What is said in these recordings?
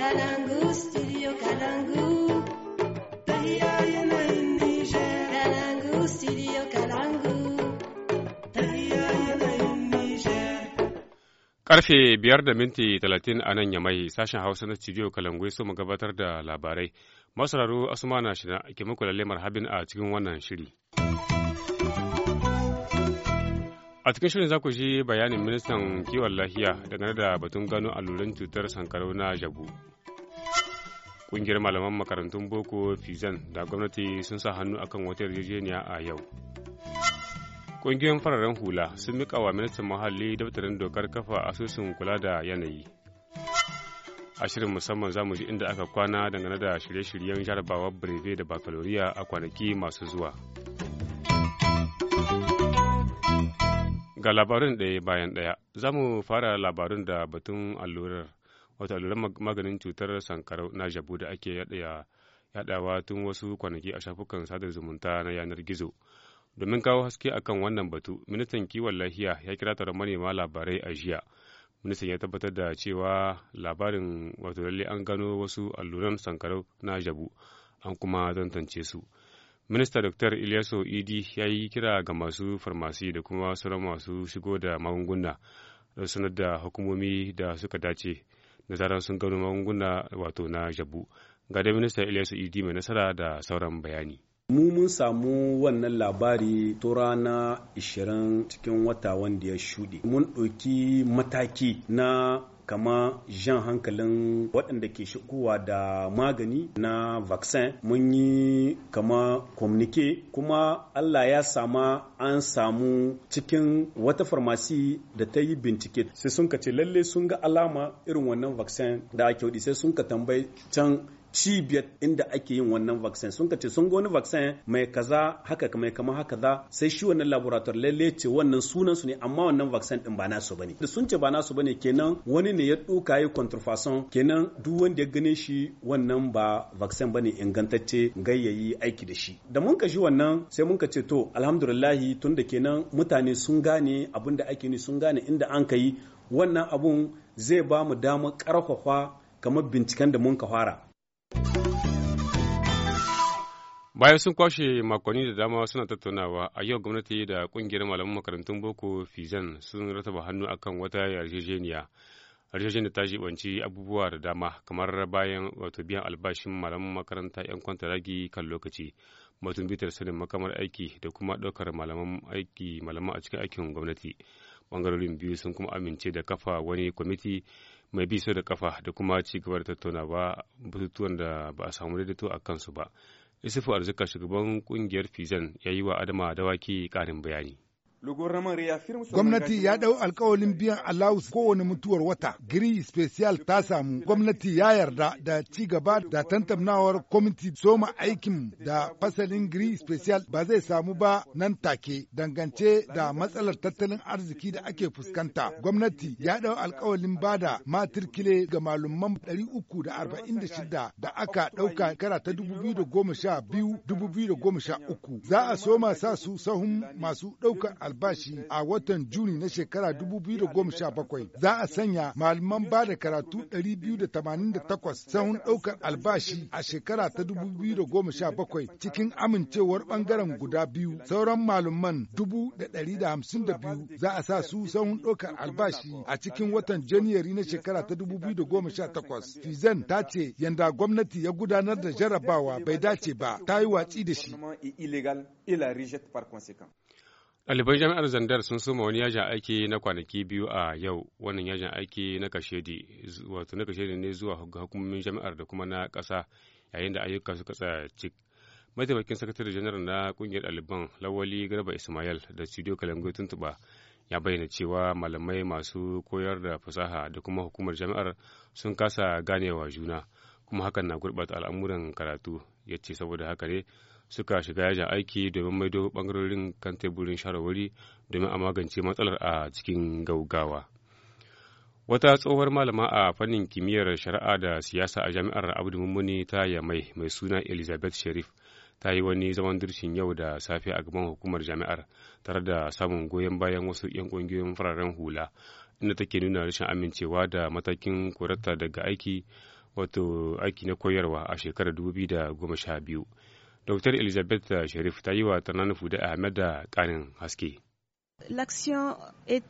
Karfe biyar da minti talatin a nan yamai sashen Hausa na studio Kalangu so gabatar da labarai. Masararru Asuma na shi ke muku lalle marhabin a cikin wannan shiri. A cikin shirin za ku ji bayanin ministan kiwon lafiya dangane da batun gano alluran cutar sankarau na jabu. Ƙungiyar malaman makarantun boko Fizan da gwamnati sun sa hannu akan wata yarjejeniya a yau. Ƙungiyoyin fararen hula sun miƙa wa ministan muhalli daftarin dokar kafa asusun kula da yanayi. A shirin musamman za mu ji inda aka kwana dangane da shirye-shiryen jarabawar breve da bakaloriya a kwanaki masu zuwa. Ga labarin ɗaya bayan ɗaya, za mu fara labarin da batun allurar, wata allurar maganin cutar sankarau na jabu da ake yaɗawa tun wasu kwanaki a shafukan sadar zumunta na yanar gizo. Domin kawo haske akan wannan batu, ministan kiwon lafiya ya kira taron manema labarai a jiya. Ministan ya tabbatar da cewa labarin wato lalle an gano wasu alluran sankarau na jabu, an kuma tantance su. Minista Dr. Ilyasu Idi ya yi kira ga masu farmasi da kuma sauran masu shigo da magunguna da eh, sanar da hukumomi da suka dace da zarar sun gano magunguna wato na jabu. Ga da Minista Ilyasu Idi mai nasara da sauran bayani. mu mun samu wannan labari to rana 20 cikin wata wanda ya shuɗe mun ɗauki mataki na kama jan hankalin waɗanda ke shigowa da magani na vaccine mun yi kama communique kuma Allah ya sama an samu cikin wata farmasi da ta yi bincike sai sun ce lalle sun ga alama irin wannan vaccine da ake sai sun ka tambayi can cibiyar inda ake yin wannan vaccine sun ce sun ga wani vaccine mai kaza haka mai kama haka za sai shi wannan laboratoire lalle ce wannan sunan su ne amma wannan vaccine din ba na su bane da sun ce ba na su bane kenan wani ne ya duka yi contrefaçon kenan duk wanda ya gane shi wannan ba vaccine bane ingantacce gayyayi aiki da shi da mun ka shi wannan sai mun ka ce to alhamdulillahi tunda kenan mutane sun gane abin da ake ni sun gane inda an ka yi wannan abun zai ba mu damar karfafa kamar binciken da mun ka fara bayan sun kwashe makonni da dama suna tattaunawa a yau gwamnati da kungiyar malaman makarantun boko fizan sun rataba hannu akan wata yarjejeniya yarjejeniya ta jibanci abubuwa da dama kamar bayan wato biyan albashin malaman makaranta yan kwanta ragi kan lokaci mutum bitar sanin makamar aiki da kuma ɗaukar malaman aiki malaman a cikin aikin gwamnati bangarorin biyu sun kuma amince da kafa wani kwamiti mai bi sau da kafa da kuma ci gaba da tattaunawa bututuwan da ba a samu daidaito a kansu ba. Isufu Arzika shugaban kungiyar Fizan ya yi wa Adama Dawaki ƙarin bayani. Gwamnati ya ɗau alkawalin biyan alawus kowane mutuwar wata. Giri special ta samu. Gwamnati ya yarda da ci gaba da tantamnawar kwamiti soma aikin da fasalin giri special ba zai samu ba nan take dangance da matsalar tattalin arziki da ake fuskanta. Gwamnati ya ɗau alkawalin ba da matirkile ga malumman 346 da aka ɗauka kara ta 2012-2013. Za a soma sa su sahun masu ɗaukar albashi a watan Juni na shekara 2017 za a sanya malaman ba da karatu 288 sahun ɗaukar albashi a shekara ta 2017 cikin amincewar ɓangaren guda biyu sauran malaman 152 za a sa su sahun ɗaukar albashi a cikin watan Janairu na shekara ta 2018. Fizan ta ce yanda gwamnati ya gudanar da jarabawa bai dace ba ta yi watsi da shi. Ɗalibai jami'ar Zandar sun suma wani yajin aiki na kwanaki biyu a yau, wannan yajin aiki na kashedi, wato na kashedi ne zuwa hukumomin jami'ar da kuma na ƙasa yayin da ayyuka suka tsaya cik. Mataimakin sakatare janar na ƙungiyar ɗaliban Lawali Garba Ismail da Studio Kalangoyi tuntuɓa ya bayyana cewa malamai masu koyar da fasaha da kuma hukumar jami'ar sun kasa ganewa juna, kuma hakan na gurɓata al'amuran karatu, ya ce saboda haka ne suka shiga yajin aiki domin maido bangarorin kan teburin shawarwari domin a magance matsalar a cikin gaugawa. Wata tsohuwar malama a fannin kimiyyar shari'a da siyasa a jami'ar Abdu Mummuni ta Yamai mai suna Elizabeth Sharif ta yi wani zaman dirshin yau da safe a gaban hukumar jami'ar tare da samun goyon bayan wasu 'yan kungiyoyin fararen hula inda take nuna rashin amincewa da matakin korata daga aiki wato aiki na koyarwa a shekarar 2012 Dr. Elizabeth Sharif ta yi wa Tanani Fude Ahmed da ƙarin haske.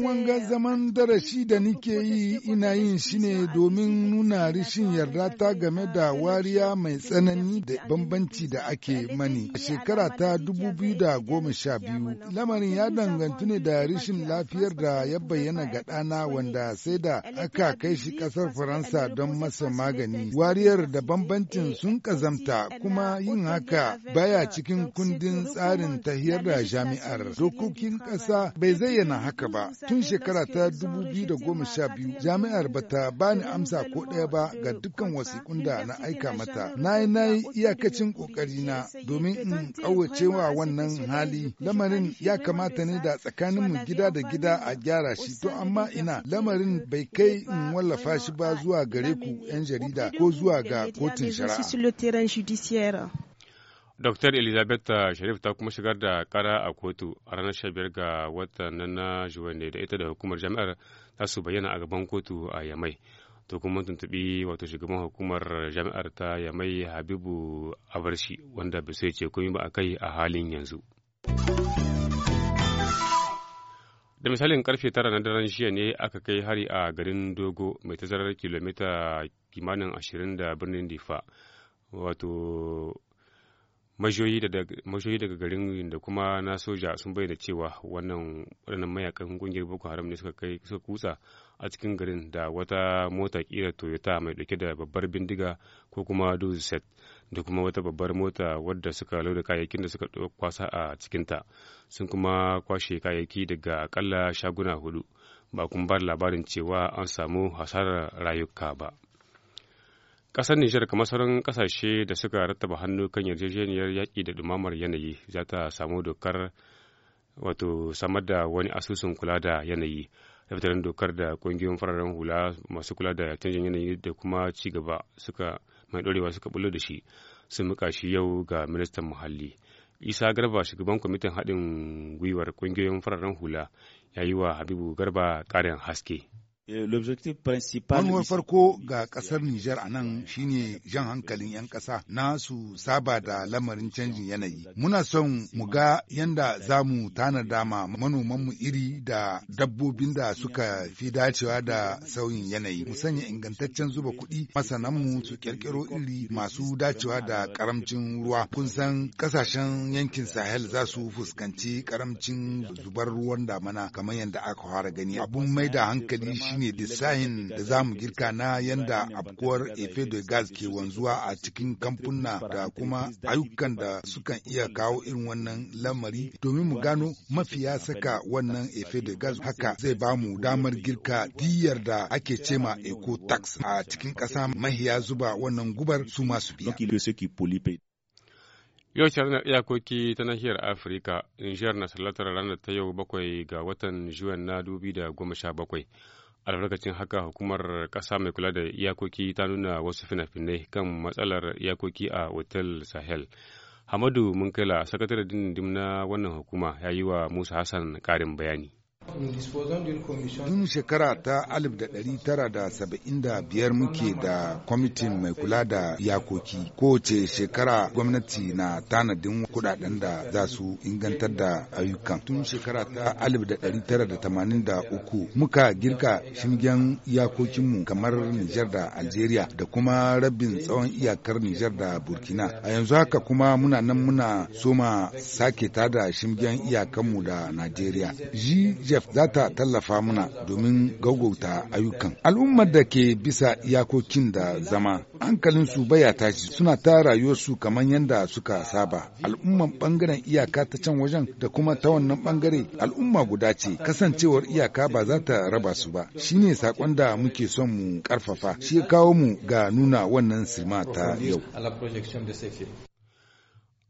Wanga zaman darasi da nike yi ina yin shi ne domin nuna rishin yarda ta game da wariya mai tsanani da bambanci da ake mani. A shekara ta 2012, lamarin ya dangantu ne da rishin lafiyar da ya bayyana ga ɗana wanda sai da aka kai shi ƙasar Faransa don masa magani. Wariyar da bambancin sun ƙazamta kuma yin haka baya cikin kundin tsarin tahiyar da jami'ar. Dokokin ƙasa bai zayyana haka ba tun shekara ta 2012 jami'ar bata bani amsa ko ɗaya ba ga dukkan wasiƙun da na aika mata na yi na yi iyakacin ƙoƙarina domin in wa wannan hali lamarin ya kamata ne da tsakaninmu gida da gida a gyara shi to amma ina lamarin bai kai in wallafa shi ba zuwa gare ku 'yan jarida ko zuwa ga kotun shari'a Dr. Elizabeth eh, Sharif ta kuma shigar da kara a kotu a ranar 15 ga watan na Juwanne da ita da hukumar jami'ar ta su bayyana a gaban kotu a Yamai. To kuma tuntuɓi wato shugaban hukumar jami'ar ta Yamai Habibu Abarshi wanda bai sai ce komai ba a kai a halin yanzu. Da misalin karfe tara na daren jiya ne aka kai hari a garin Dogo mai tazarar kilomita kimanin ashirin da birnin Difa. Wato majoyi daga garin da kuma na soja sun bayyana cewa wannan waɗannan mayakan kungiyar boko haram ne suka kai suka kutsa a cikin garin da wata mota kira toyota mai ɗauke da babbar bindiga ko kuma set da kuma wata babbar mota wadda suka lauda kayayyakin da suka kwasa a cikinta sun kuma kwashe kayayyaki daga akalla shaguna hudu ba kuma ba labarin cewa an samu hasarar rayuka ba. Ƙasar Nijar kamar sauran ƙasashe da suka rattaba hannu kan yarjejeniyar yaƙi da ɗumamar yanayi za ta samu dokar wato samar da wani asusun kula da yanayi. Daftarin dokar da ƙungiyoyin fararen hula masu kula da canjin yanayi da kuma ci gaba suka mai ɗorewa suka bullo da shi sun muka shi yau ga ministan muhalli. Isa Garba shugaban kwamitin haɗin gwiwar ƙungiyoyin fararen hula ya yi wa Habibu Garba ƙarin haske. Euh, l'objectif principal farko ga kasar Nijar a nan shine jan hankalin 'yan ƙasa na su saba da lamarin canjin yanayi. Muna son mu ga yanda za mu tanada ma mu iri da dabbobin da suka fi dacewa da sauyin yanayi. Mu sanya ingantaccen zuba kuɗi masananmu su ƙirƙiro iri masu dacewa da karamcin ruwa. Kun san ƙasashen yankin Sahel za su fuskanci karamcin zubar ruwan damana kamar yadda aka fara gani. Abun mai da hankali shi shine design da za mu girka na yadda afkuwar efe gas ke wanzuwa a cikin kamfuna da kuma ayyukan da sukan iya kawo irin wannan lamari domin mu gano mafiya saka wannan efe gas haka zai ba mu damar girka diyar da ake cema eco tax a cikin kasa mahiya zuba wannan gubar su masu biya. Yau na iyakoki ta nahiyar Afirka, Nijar na salatar ranar ta yau bakwai ga watan Juwan na dubi da goma sha bakwai. albarkacin haka hukumar ƙasa mai kula da iyakoki ta nuna wasu fina-finai kan matsalar iyakoki a otel sahel hamadu munkila sakatare dindin na wannan hukuma ya yi wa musa hassan ƙarin bayani Tun shekara ta 1975 muke da kwamitin mai kula da yakoki kowace shekara gwamnati na tanadin kudaden da za su ingantar da ayyukan. Tun shekara ta 1983 muka girka shingen iyakokinmu kamar Nijar da Algeria da kuma rabin tsawon iyakar Nijar da Burkina. A yanzu haka kuma muna nan muna soma sake tada shingen iyakanmu da Najeriya. UNICEF za ta tallafa muna domin gaugauta ayyukan. Al'ummar da ke bisa iyakokin da zama, hankalin hankalinsu baya tashi suna ta rayuwarsu kamar yadda suka saba. Al'umman bangaren iyaka ta can wajen da kuma ta wannan bangare al'umma guda ce kasancewar iyaka ba za ta raba su ba. Shine sakon da muke son mu karfafa. Shi kawo mu ga nuna wannan sima ta yau.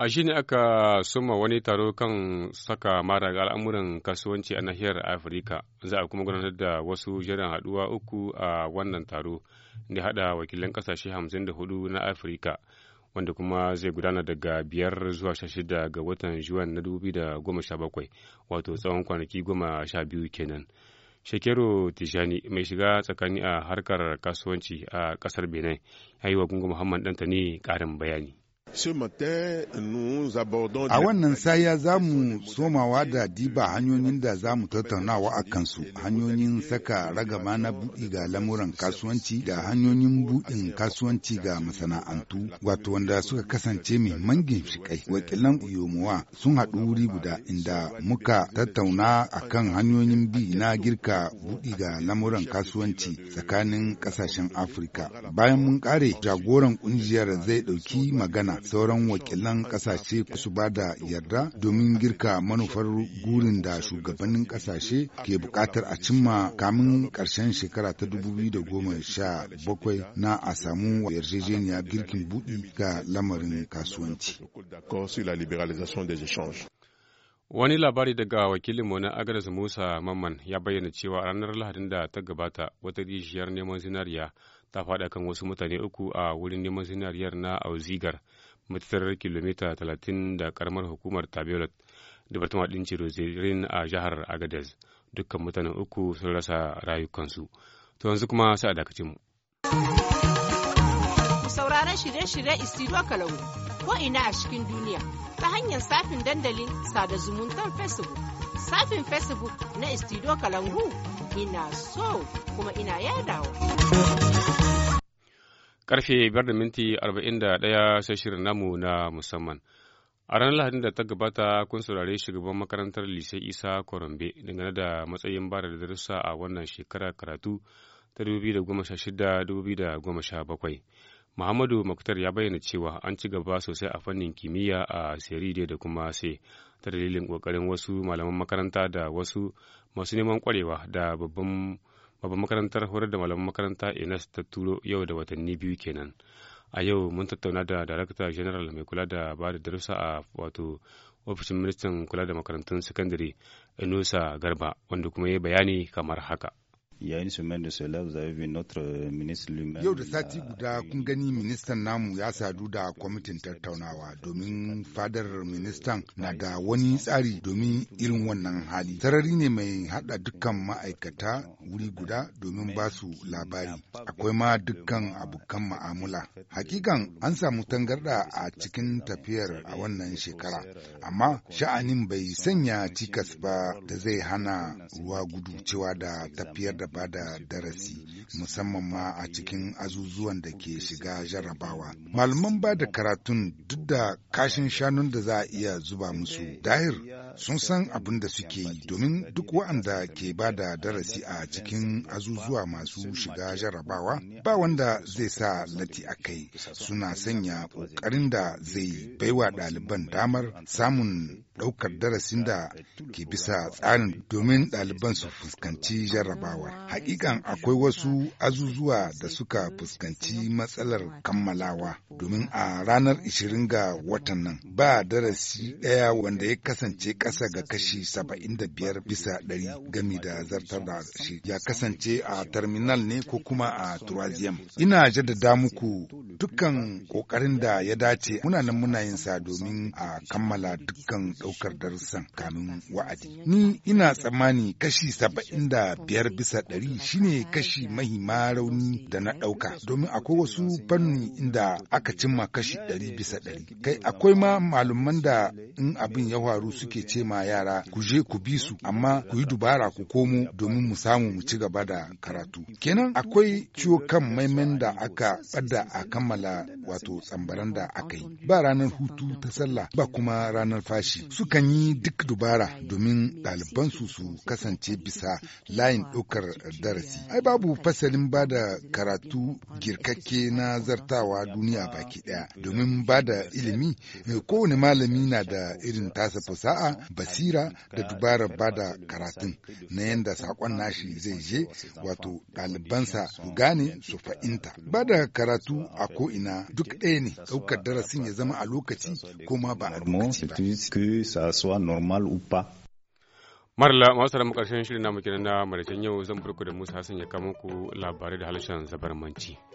A shi ne aka suma wani taro kan saka mara al'amuran kasuwanci a nahiyar Afirka, za a kuma gudanar da wasu jiran haɗuwa uku a wannan taro da haɗa wakilan kasashe hamsin da hudu na Afirka, wanda kuma zai gudana daga biyar zuwa sha shida ga watan Juwan na dubu da goma sha bakwai, wato tsawon kwanaki goma sha biyu kenan. Shekero Tijani mai shiga tsakani a harkar kasuwanci a ƙasar Benin, ya yi wa Gungun Muhammad Dantani ƙarin bayani. A wannan saya za mu somawa da diba hanyoyin da za mu tattaunawa a kansu, hanyoyin saka ragama na buɗi ga lamuran kasuwanci da hanyoyin buɗin kasuwanci ga masana'antu, wato wanda suka kasance muhimman ginshiƙai. Wakilan Iyomuwa sun haɗu wuri guda inda muka tattauna a kan hanyoyin bi na girka buɗi ga lamuran kasuwanci tsakanin ƙasashen Afirka. Bayan mun ƙare, jagoran ƙungiyar zai ɗauki magana sauran wakilan kasashe su ba da yarda domin girka manufar gurin da shugabannin kasashe ke bukatar a cimma kamin karshen shekara ta 2017 na a samu yarjejeniya girkin buɗi ga lamarin kasuwanci. Wani labari daga wakilinmu na agnes Musa Mamman ya bayyana cewa ranar Lahadin da ta gabata wata rijiyar neman zinariya ta faɗa kan wasu mutane uku a wurin neman zinariyar na Auzigar. matattarar kilomita talatin da karamar hukumar tabelot da ɗin cirozirin a jihar agadez dukkan mutanen uku sun rasa rayukansu to yanzu kuma sai a dakacin mu sauraron shirye-shirye isiro kalau ko ina a cikin duniya ta hanyar safin dandalin sada zumuntar facebook safin facebook na istido kalangu ina so kuma ina yadawa Karfe biyar da minti arba'in da ɗaya sai shirin namu na musamman. A ranar Lahadin da ta gabata kun saurare shugaban makarantar Lise Isa Korombe dangane da matsayin ba da darussa a wannan shekara karatu ta 2016-2017. Muhammadu Maktar ya bayyana cewa an ci gaba sosai a fannin kimiyya a Seride da kuma sai e, ta dalilin ƙoƙarin wasu malaman makaranta da wasu masu neman kwarewa da babban babban makarantar horar da malaman makaranta ines e ta turo yau da watanni biyu kenan a yau mun tattauna da darakta general mai kula da ba da darussa a wato ofishin ministan kula da makarantun sakandare inusa garba wanda kuma ya bayani kamar haka su eh, Yau da sati guda kun gani ministan namu ya sadu da kwamitin tattaunawa domin fadar ministan na da wani tsari domin irin wannan hali. Sarari ne mai hada dukkan ma'aikata wuri guda domin ba su labari. Akwai ma dukkan abokan ma'amula. Hakikan an samu tangarda a cikin tafiyar a wannan shekara, amma sha'anin bai sanya cikas ba da zai hana ruwa gudu cewa da tafiyar da ba da darasi musamman ma a cikin azuzuwan da ke shiga jarrabawa. Malaman ba da karatun duk da kashin shanun da za a iya zuba musu dahir sun san abin da suke yi domin duk wa'anda ke ba da darasi a cikin azuzuwa masu shiga jarrabawa ba wanda zai sa lati a kai suna sanya ƙoƙarin da zai baiwa ɗaliban damar samun ɗaukar darasin da ke bisa tsarin domin ɗaliban su fuskanci jarrabawar. Hakikan akwai wasu azuzuwa da suka fuskanci matsalar kammalawa domin a ranar 20 ga watan nan ba darasi ɗaya wanda ya kasance ƙasa ga kashi 75 bisa ɗari gami da zartar da shi ya kasance a terminal ne ko kuma a turaziyam. Ina jaddada muku dukkan ƙoƙarin da ya dace muna nan muna yin sa domin a kammala dukkan ɗaukar darussan kanun wa'adi. Ni ina tsammani kashi saba'in da biyar bisa ɗari shine kashi mahi rauni da na ɗauka domin akwai wasu fanni inda aka cimma kashi ɗari bisa ɗari. Kai akwai ma malaman da in abin ya faru suke ce ma yara ku je ku bi su amma ku yi dubara ku komo domin mu samu mu ci gaba da karatu. Kenan akwai ciwo kan maimain da aka bada a kammala wato tsambaran da aka yi. Ba ranar hutu ta sallah ba kuma ranar fashi. sukan yi duk dubara domin ɗalibansu su su kasance bisa layin ɗaukar darasi. Ai babu fasalin ba da karatu girkakke na zartawa duniya baki ɗaya domin ba da ilimi kowane malami na da irin tasa fasa'a basira da dubarar ba da karatun na yadda sakon nashi zai je wato ɗalibansa su gane su fa'inta. Ba da karatu a ko'ina duk ɗaya ne ɗaukar darasin ya zama a lokaci ko ma ba a lokaci ba. ça soit normal ou pas. Marla masu da karshen shirin namu kenan na maraicen yau zan burku da Musa Hassan ya kama ku labarai da halashen zabarmanci.